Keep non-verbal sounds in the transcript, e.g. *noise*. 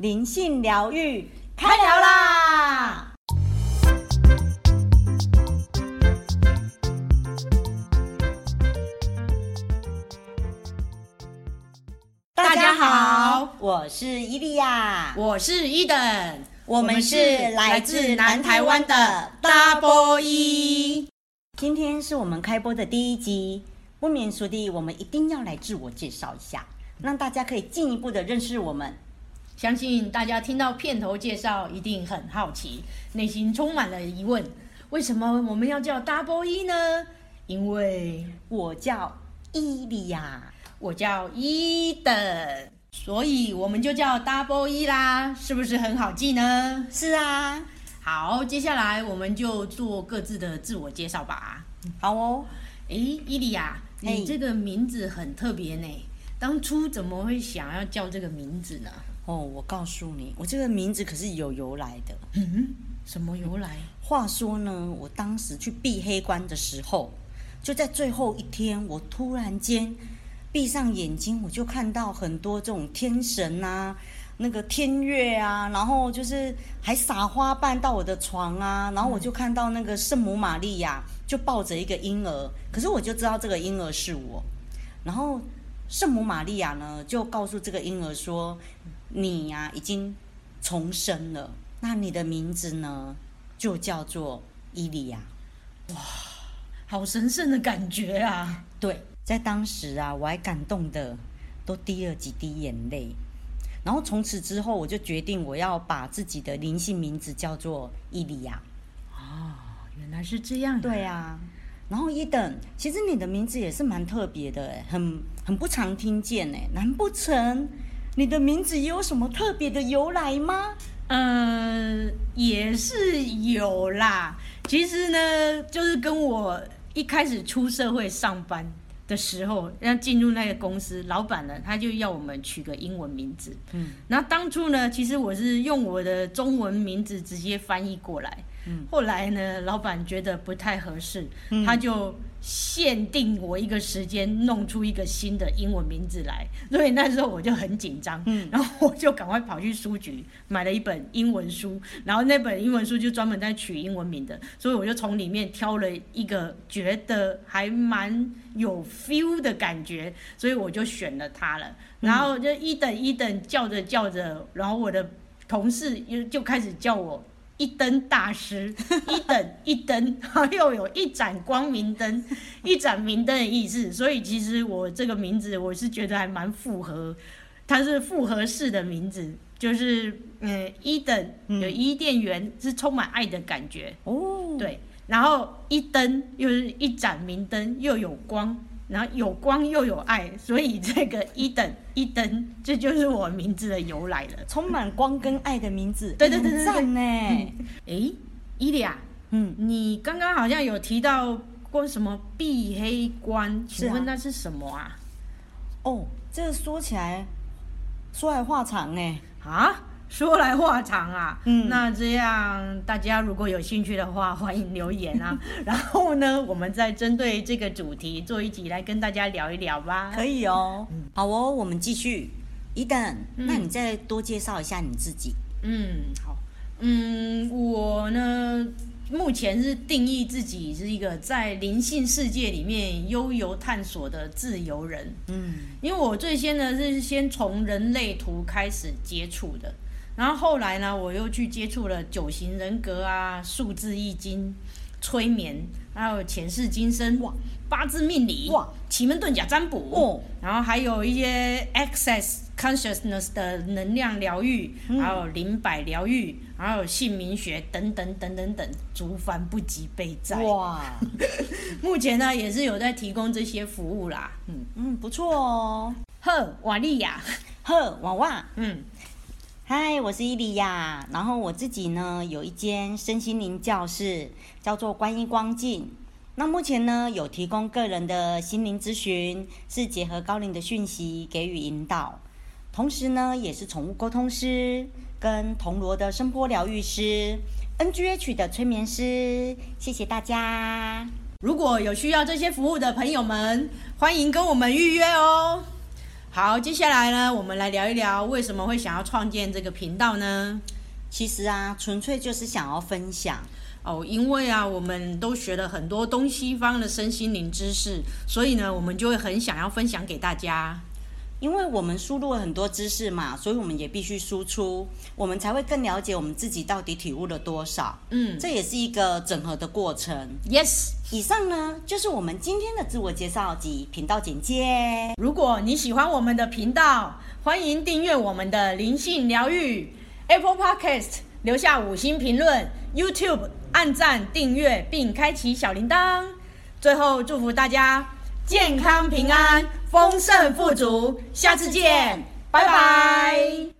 靈性聊遇開聊啦！大家好，我是 Eliya，我是 Eden，我們是來自南台灣的 Double E。今天是我們開播的第一集，不免俗地，我們一定要來自我介紹一下，讓大家可以進一步的認識我們。相信大家聽到片頭介紹，一定很好奇，內心充滿了疑問：為什麼我們要叫 Double E 呢？因為我叫伊利亞，我叫伊登。所以我們就叫 Double E 啦，是不是很好記呢？是啊。好，接下來我們就做各自的自我介紹吧，嗯。好哦。哎，欸，伊利亞，嘿你這個名字很特別呢。當初怎麼會想要叫這個名字呢？哦，我告訴你，我這個名字可是有由來的。嗯，什麼由來？話說呢，我當時去閉黑關的時候，就在最後一天，我突然間閉上眼睛，我就看到很多這種天神啊，那個天月啊，然後就是還撒花瓣到我的床啊，然後我就看到那個聖母瑪利亞就抱着一個嬰兒，可是我就知道這個嬰兒是我，然後。聖母瑪利亞呢，就告訴這個嬰兒說：“你呀、啊，已經重生了。那你的名字呢，就叫做伊利亞。”哇，好神聖的感覺啊！對，在當時啊，我還感動得都滴了幾滴眼淚。然後從此之後，我就決定我要把自己的靈性名字叫做伊利亞。哦，原來是這樣、啊。對呀、啊。然後 Eden，其實你的名字也是蠻特別的，很很不常聽見。哎，難不成你的名字有什麼特別的由來嗎？呃，也是有啦。其實呢，就是跟我一開始出社會上班的時候，要進入那個公司，老闆呢，他就要我們取個英文名字。嗯，那當初呢，其實我是用我的中文名字直接翻譯過來。後來呢，老闆覺得不太合適，嗯，他就限定我一個時間弄出一個新的英文名字來。所以那時候我就很緊張，嗯，然後我就趕快跑去書局買了一本英文書，嗯，然後那本英文書就專門在取英文名的，所以我就從裡面挑了一個覺得還蠻有 feel 的感覺，所以我就選了它了。然後就一等一等叫着叫着，然後我的同事又就開始叫我。一燈大師，一燈一燈，然後又有一盞光明燈，一盞明燈的意思。所以其實我這個名字，我是覺得還蠻符合，它是複合式的名字，就是等嗯，一燈有伊甸園，是充滿愛的感覺哦，對，然後一燈又是一盞明燈，又有光。然後有光又有愛，所以這個伊登、伊登這就是我名字的由來了，充滿光跟愛的名字。嗯欸、對對對對對，哎、嗯欸，伊莉亞、啊，嗯，你剛剛好像有提到過什麼避黑關，嗯、請問那是什麼啊？啊哦，這個、說起來，說來話長呢。啊？說來話長啊，嗯、那這樣大家如果有興趣的話，歡迎留言啊。 *laughs* 然後呢，我們再針對這個主題做一集來跟大家聊一聊吧。可以哦，嗯、好哦，我們繼續。Eden，嗯、那你再多介紹一下你自己？嗯，好，嗯，我呢目前是定義自己是一個在靈性世界裡面悠游探索的自由人。嗯，因為我最先呢是先從人類圖開始接觸的。然後後來呢，我又去接觸了九型人格啊、數字易經、催眠，還有前世今生哇、八字命理哇、奇門遁甲占卜哦，然後還有一些 Access Consciousness 的能量療癒，嗯、還有靈擺療癒，還有姓名學等等等等等，族繁不及備載哇。 *laughs* 目前呢，也是有在提供這些服務啦。嗯嗯，嗯不錯哦。哼，瓦利亞，哼，娃娃，嗯。嗨，Hi, 我是伊利亞。然後我自己呢，有一間身心靈教室，叫做觀一光境。那目前呢，有提供個人的心靈諮詢，是結合高靈的訊息給予引導。同時呢，也是寵物溝通師，跟銅鑼的聲波療癒師，NGH 的催眠師。謝謝大家。如果有需要這些服務的朋友們，歡迎跟我們預約哦。好，接下來呢，我們來聊一聊為什麼會想要創建這個頻道呢？其實啊，純粹就是想要分享哦，因為啊，我們都學了很多東西方的身心靈知識，所以呢，我們就會很想要分享給大家。因為我們輸入了很多知識嘛，所以我們也必須輸出，我們才會更了解我們自己到底體悟了多少。嗯，這也是一個整合的過程。Yes，以上呢就是我們今天的自我介紹及頻道簡介。如果你喜歡我們的頻道，歡迎訂閱我們的靈性聊遇 Apple Podcast，留下五星評論，YouTube 按讚訂閱並開啟小鈴鐺。最後祝福大家，健康平安，豐盛富足，下次見，拜拜。拜拜。